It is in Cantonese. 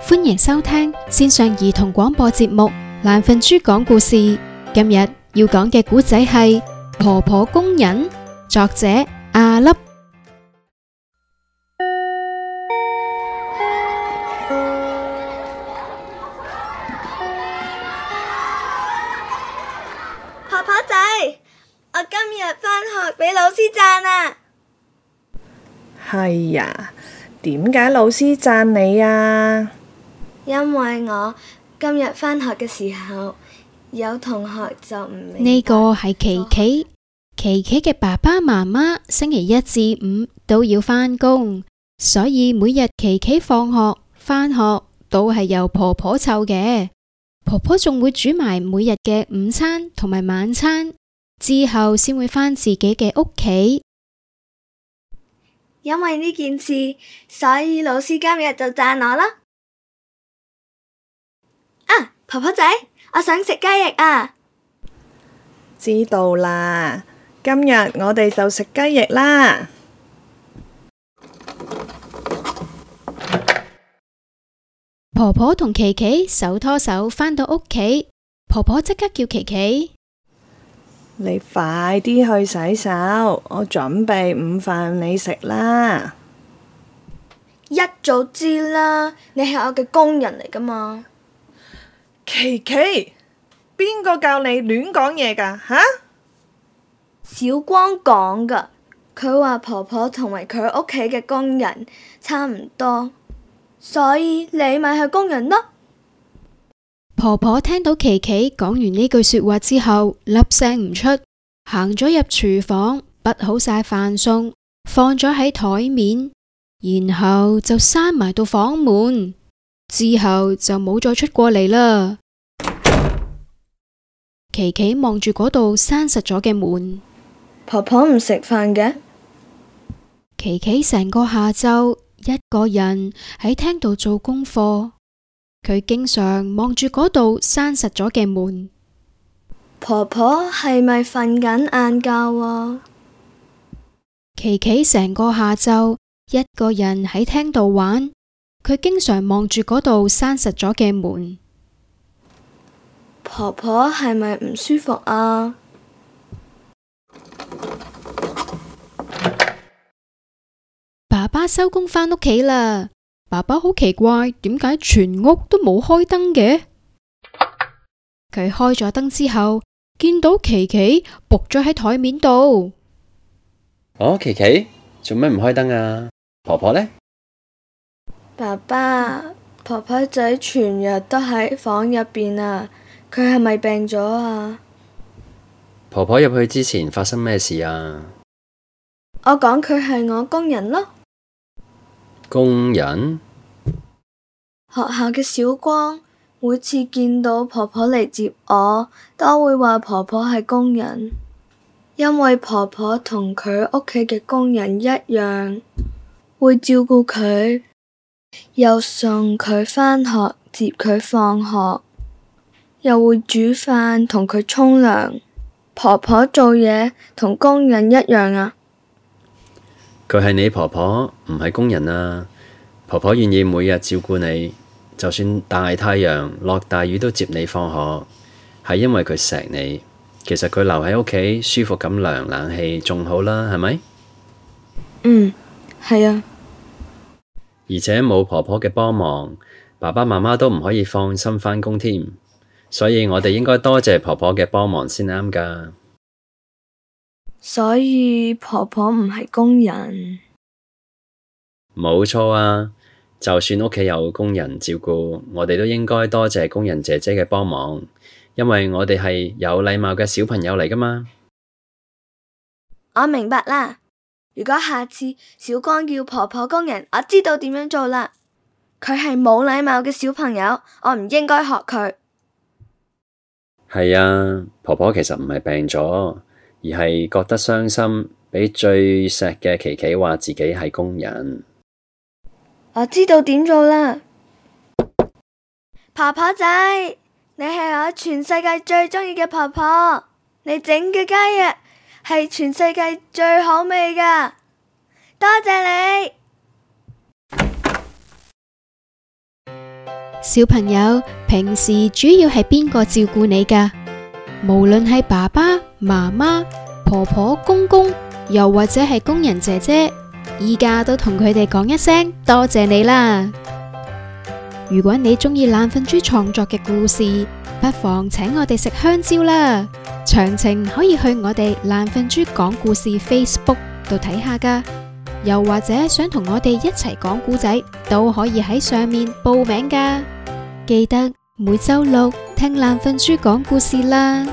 歡迎收聽線上兒童廣播節目《懶瞓豬講故事》。今日要講嘅古仔係《婆婆工人》，作者阿粒。婆婆仔，我今日返學俾老師讚呀。係呀，點解老師讚你啊？因為我今日返學嘅時候，有同學就唔呢個係琪琪，琪琪嘅爸爸媽媽星期一至五都要返工，所以每日琪琪放學返學都係由婆婆湊嘅，婆婆仲會煮埋每日嘅午餐同埋晚餐，之後先會返自己嘅屋企。因為呢件事，所以老師今日就讚我啦。婆婆仔，我想食雞翼啊！知道啦，今日我哋就食雞翼啦。婆婆同琪琪手拖手返到屋企，婆婆即刻叫琪琪，你快啲去洗手，我準備午飯你食啦。一早知啦，你係我嘅工人嚟㗎嘛。琪琪，邊個教你亂講嘢噶？吓、啊，小光講噶，佢話婆婆同埋佢屋企嘅工人差唔多，所以你咪係工人咯。婆婆聽到琪琪講完呢句說話之後，粒聲唔出，行咗入廚房，滗好晒飯餸，放咗喺台面，然後就閂埋道房門，之後就冇再出過嚟啦。琪琪望住嗰度閂實咗嘅門。婆婆唔食飯嘅。琪琪成個下晝一個人喺廳度做功課，佢經常望住嗰度閂實咗嘅門。婆婆係咪瞓緊晏覺？琪琪成個下晝一個人喺廳度玩，佢經常望住嗰度閂實咗嘅門。婆婆係咪唔舒服啊？爸爸收工返屋企啦。爸爸好奇怪，點解全屋都冇開燈嘅？佢 開咗燈之後，見到琪琪伏咗喺台面度。哦，琪琪，做咩唔開燈啊？婆婆呢？爸爸，婆婆仔全日都喺房入邊啊。佢係咪病咗啊？婆婆入去之前發生咩事啊？我講佢係我工人咯。工人？學校嘅小光每次見到婆婆嚟接我，都會話婆婆係工人，因為婆婆同佢屋企嘅工人一樣，會照顧佢，又送佢返學，接佢放學。又會煮飯同佢沖涼，婆婆做嘢同工人一樣啊。佢係你婆婆，唔係工人啦，啊。婆婆願意每日照顧你，就算大太陽落大雨都接你放學，係因為佢錫你。其實佢留喺屋企舒服咁涼，冷氣仲好啦，係咪？嗯，係啊。而且冇婆婆嘅幫忙，爸爸媽媽都唔可以放心返工添。所以我哋應該多謝婆婆嘅幫忙先啱噶。所以婆婆唔係工人。冇錯啊！就算屋企有工人照顧，我哋都應該多謝工人姐姐嘅幫忙，因為我哋係有禮貌嘅小朋友嚟噶嘛。我明白啦。如果下次小光叫婆婆工人，我知道點樣做啦。佢係冇禮貌嘅小朋友，我唔應該學佢。係啊，婆婆其實唔係病咗，而係覺得傷心，畀最錫嘅琪琪話自己係工人。我知道點做啦。婆婆仔，你係我全世界最鍾意嘅婆婆，你整嘅雞翼係全世界最好味噶，多謝你。小朋友平時主要係邊個照顧你㗎？無論係爸爸媽媽、婆婆公公，又或者係工人姐姐，依家，都同佢哋講一聲多謝你啦。如果你中意懶瞓豬創作嘅故事，不妨請我哋食香蕉啦。詳情可以去我哋懶瞓豬講故事 Facebook 度睇下㗎。又或者想同我哋一齊講故仔，都可以喺上面報名㗎。記得每周六聽爛瞓豬講故事啦。